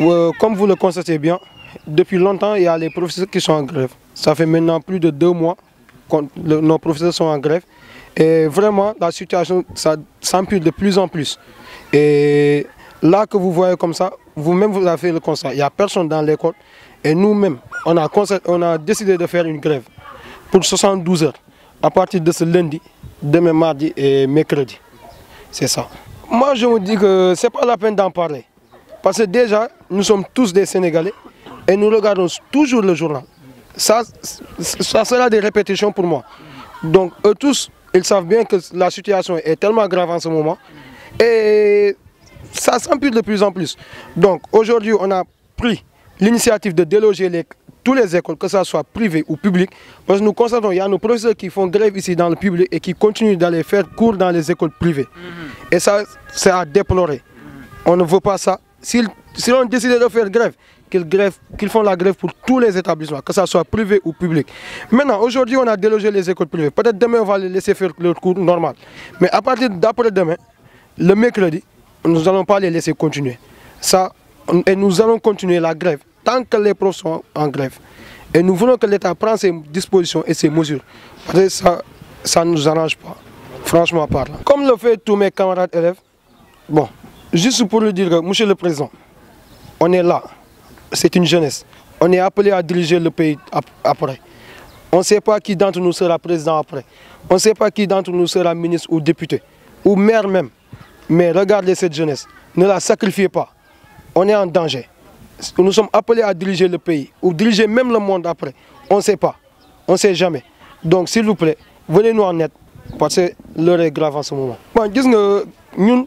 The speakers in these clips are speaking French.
Euh, comme vous le constatez bien, depuis longtemps, il y a les professeurs qui sont en grève. Ça fait maintenant plus de deux mois que nos professeurs sont en grève. Et vraiment, la situation s'empire de plus en plus. Et là que vous voyez comme ça, vous-même vous avez le constat. Il n'y a personne dans l'école. Et nous-mêmes, on a, on a décidé de faire une grève pour 72 heures à partir de ce lundi, demain mardi et mercredi. C'est ça. Moi, je vous dis que ce n'est pas la peine d'en parler. Parce que déjà, nous sommes tous des Sénégalais et nous regardons toujours le journal. Ça, ça sera des répétitions pour moi. Donc eux tous, ils savent bien que la situation est tellement grave en ce moment et ça s'empire de plus en plus. Donc aujourd'hui, on a pris l'initiative de déloger les, toutes les écoles, que ce soit privées ou publiques, parce que nous constatons qu'il y a nos professeurs qui font grève ici dans le public et qui continuent d'aller faire cours dans les écoles privées. Mhm. Et ça, c'est à déplorer. On ne veut pas ça si l'on décidé de faire grève, qu'ils qu'ils font la grève pour tous les établissements, que ce soit privé ou public. Maintenant, aujourd'hui, on a délogé les écoles privées. Peut-être demain, on va les laisser faire leur cours normal. Mais à partir d'après-demain, le mercredi, nous n'allons pas les laisser continuer. Ça, et nous allons continuer la grève tant que les profs sont en grève. Et nous voulons que l'État prenne ses dispositions et ses mesures. ça, ça ne nous arrange pas, franchement parlant. Comme le fait tous mes camarades élèves, bon, Juste pour le dire, Monsieur le Président, on est là, c'est une jeunesse. On est appelé à diriger le pays après. On ne sait pas qui d'entre nous sera président après. On ne sait pas qui d'entre nous sera ministre ou député, ou maire même. Mais regardez cette jeunesse, ne la sacrifiez pas. On est en danger. Nous sommes appelés à diriger le pays, ou diriger même le monde après. On ne sait pas, on ne sait jamais. Donc s'il vous plaît, venez nous en aide, parce que l'heure est grave en ce moment. Bon, nous,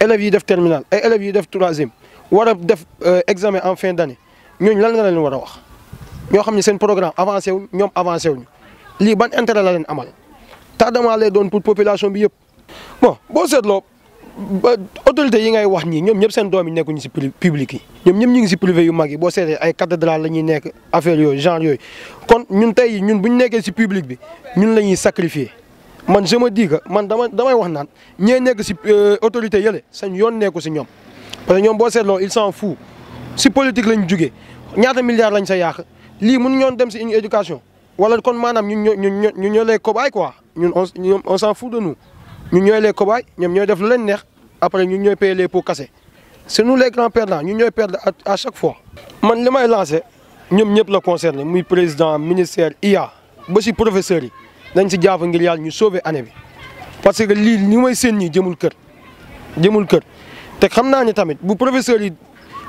élèves yi def terminal, ay élèves yi def troisième war a def euh, examen en fin d'année, année ñooñu lan la leen war a wax ñoo xam seen programme avancé wu ñoom avancé wuñu lii ban intérêt la leen amal tardement lay doon pour population bi yëpp. bon boo seetloo ba autorités yi ngay wax ñii ñom ñep seen doom yi nekkuñu si public yi ñom ñëpp ñu ngi ci privé yu mag bo sété ay cathédrale lañuy nekk affaire yoy genre yoy kon ñun tay ñun bu nekké ci public bi ñun lañuy sacrifier man je me dis que man dama damay wax nan ñe nekk ci euh, autorité yele sañ yoon nekku ci ñom parce que ñoom boo seetloo ils s'en fout ci politique lañ juggé ñaata milliards lañ sa yàq li mun ñoon dem ci une éducation wala kon manam ñun ñoo ñun ñu ñoo les cobayes quoi ñun on on s'en fout de nous ñun ñoy les cobayes ñom ñoy def lu leen neex après ñun ñoy payer les pots cassés c'est nous les grands perdants ñun ñoy perdre à chaque fois. man limay lancer ñom ñep la concerner muy président ministère IA ba ci professeur yi. Nous avons dit ngir vie. ñu sauver année parce que nous, ñu may seen ñi jëmul kër jëmul kër tamit bu professeurs yi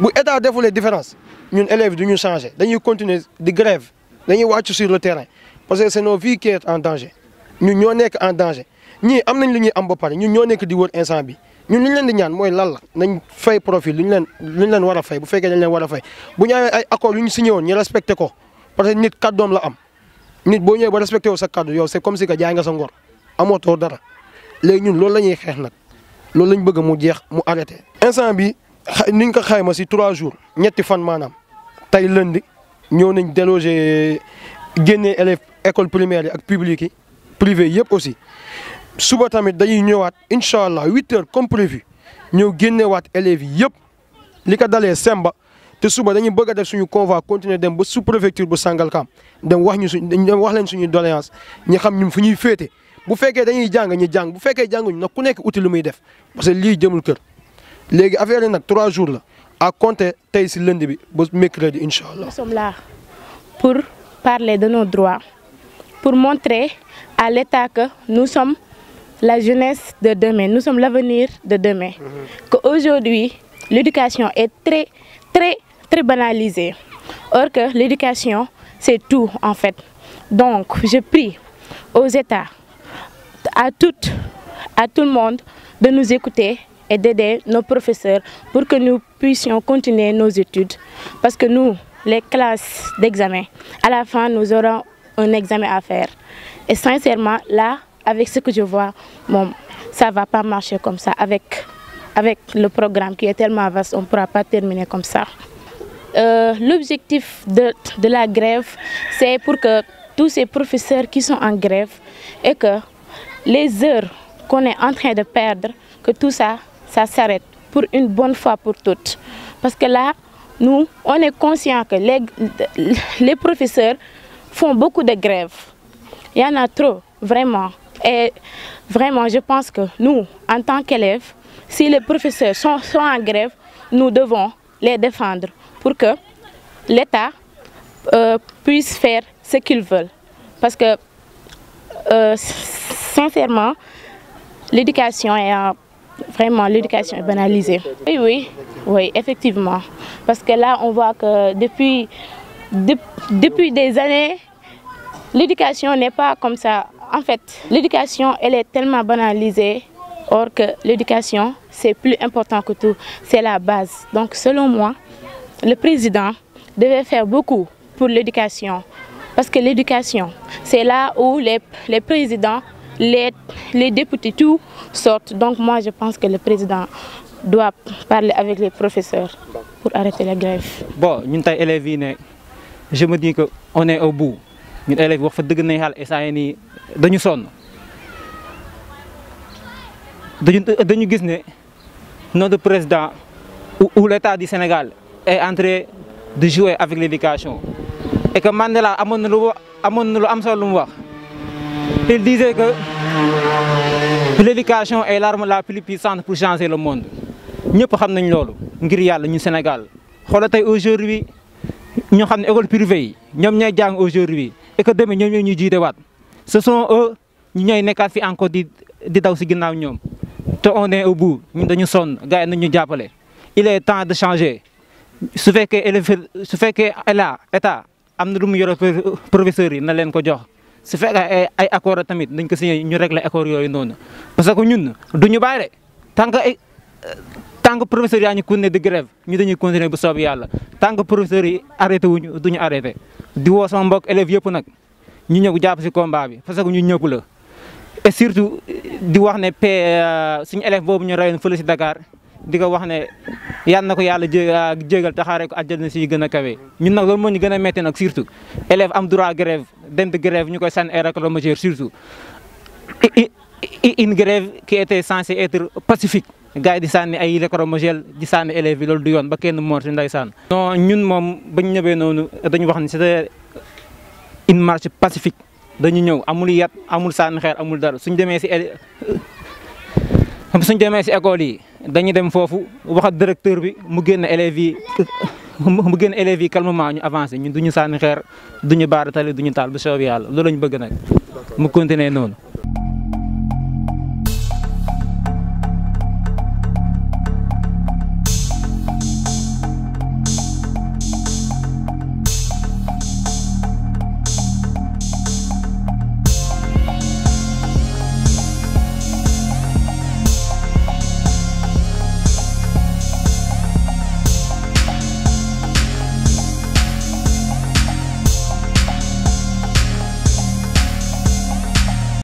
nous état différence élèves nous changer. Nous continuer grève nous sur le terrain parce que c'est nos vies qui est en danger Nous sommes en danger Nous am nañ li ñuy am ba Nous ñun di wër instant bi ñun ñu leen nous la profil leen signé parce que nit la nit bo ñew ba respecté sa yow c'est comme si que jaay nga sa ngor amoto dara Nous ñun loolu lañuy nous nak loolu lañ bëgg mu jeex mu arrêté. instant bi niñ ko xayma ci 3 jours ñetti fan Nous tay lundi ñoo nañ déloger élèves école primaire ak privé yépp aussi suba tamit dañuy ñëwaat 8 comme prévu élèves Semba te suba dañu bëgg a def suñu convoi continuer dem ba sous préfecture bu Sangalkam dem wax ñu suñ dem wax leen suñu doléance ñi xam ñu fuñuy fété bu féké dañuy jàng ñu jàng bu fekkee jànguñu nag ku nekk outil lu muy def parce que li jëmul kër légui affaire nak 3 jours la à compter tay ci lundi bi ba mercredi inshallah nous sommes là pour parler de nos droits pour montrer à l'État que nous sommes la jeunesse de demain, nous sommes l'avenir de demain. Mm-hmm. Qu'aujourd'hui, l'éducation est très, très très banalisé. Or que l'éducation, c'est tout en fait. Donc, je prie aux États, à toutes, à tout le monde, de nous écouter et d'aider nos professeurs pour que nous puissions continuer nos études. Parce que nous, les classes d'examen, à la fin, nous aurons un examen à faire. Et sincèrement, là, avec ce que je vois, bon, ça ne va pas marcher comme ça. Avec, avec le programme qui est tellement vaste, on ne pourra pas terminer comme ça. Euh, l'objectif de, la grève, c'est pour que tous ces professeurs qui sont en grève et que les heures qu'on est en train de perdre, que tout ça, ça s'arrête pour une bonne fois pour toutes. Parce que là, nous, on est conscient que les, professeurs font beaucoup de grèves. Il y en a trop, vraiment. Et vraiment, je pense que nous, en tant qu'élèves, si les professeurs sont en grève, nous devons les défendre pour que l'État euh, puisse faire ce qu'il veut. Parce que, euh, sincèrement, l'éducation est vraiment l'éducation banalisée. Oui, oui, oui, effectivement. Parce que là, on voit que depuis, depuis des années, l'éducation n'est pas comme ça. En fait, l'éducation, elle est tellement banalisée Or que l'éducation, c'est plus important que tout, c'est la base. Donc selon moi, le président devait faire beaucoup pour l'éducation. Parce que l'éducation, c'est là où les, présidents, les, les, députés, tout sortent. Donc moi, je pense que le président doit parler avec les professeurs pour arrêter la grève. Bon, nous sommes élèves, je me dis qu'on est au bout. Nous élèves, nous sommes nous dañu nous notre président ou l'état du Sénégal est entré de jouer avec l'éducation et que Mandela amoon na lu amoon lu am solo lu il disait que l'éducation est l'arme la plus puissante pour changer le monde ñëpp xam nañ loolu ngir yàlla ñu Sénégal xoola tey aujourd'hui nous xam école privée Nous sommes ñooy aujourd'hui et que demain nous ñoo ñu jiitewaat ce sont eux qui ñooy fi encore di di daw si ginnaaw ñoom te on est au bout ñun dañu sonn gars yi nañu jàppale il est temps de changer su fekkee élève su fekkee la état am na lu mu yoro professeurs yi na leen ko jox su fekkee ay accord tamit dañ ko signé ñu rek régler accord yooyu noonu parce que ñun du ñu bàyyi tant que ay tant que professeurs yaa ñu ñu dañuy continuer bu soob yàlla tant que professeurs yi arrêté wuñu duñu arrêté di woo sama mbokk élèves yëpp nag ñu ñëw jàpp si combat bi parce que ñu ñëpp la et surtout di wax ne pe euh, suñu élève boobu ñu rayoon fële si Dakar di ko wax ne yal na ko yàlla jé ah, jégal taxaare ko àjjana si gën a kawe ñun nag loolu moo ñu gën a nag surtout élève am droit grève dem de grève ñu koy sànni ay racolets majeurs surtout une grève qui était censée être pacifique gars di sànni ay lacrymogène di sànni élèves yi loolu du yoon ba kenn moor si ndeysaan non ñun moom bañ ñëwee noonu dañu wax ne c'était une marche pacifique dañu ñëw amul yat amul sànni xeer amul dara suñ demee si suñ demee si école yi dañuy dem foofu wax ak directeur bi mu génn élèves yi mu génn élèves yi calmement ñu avancé ñun du ñu sànni xeer du ñu baara du ñu taal bu soobee yàlla loolu ñu bëgg nag mu continuer noonu.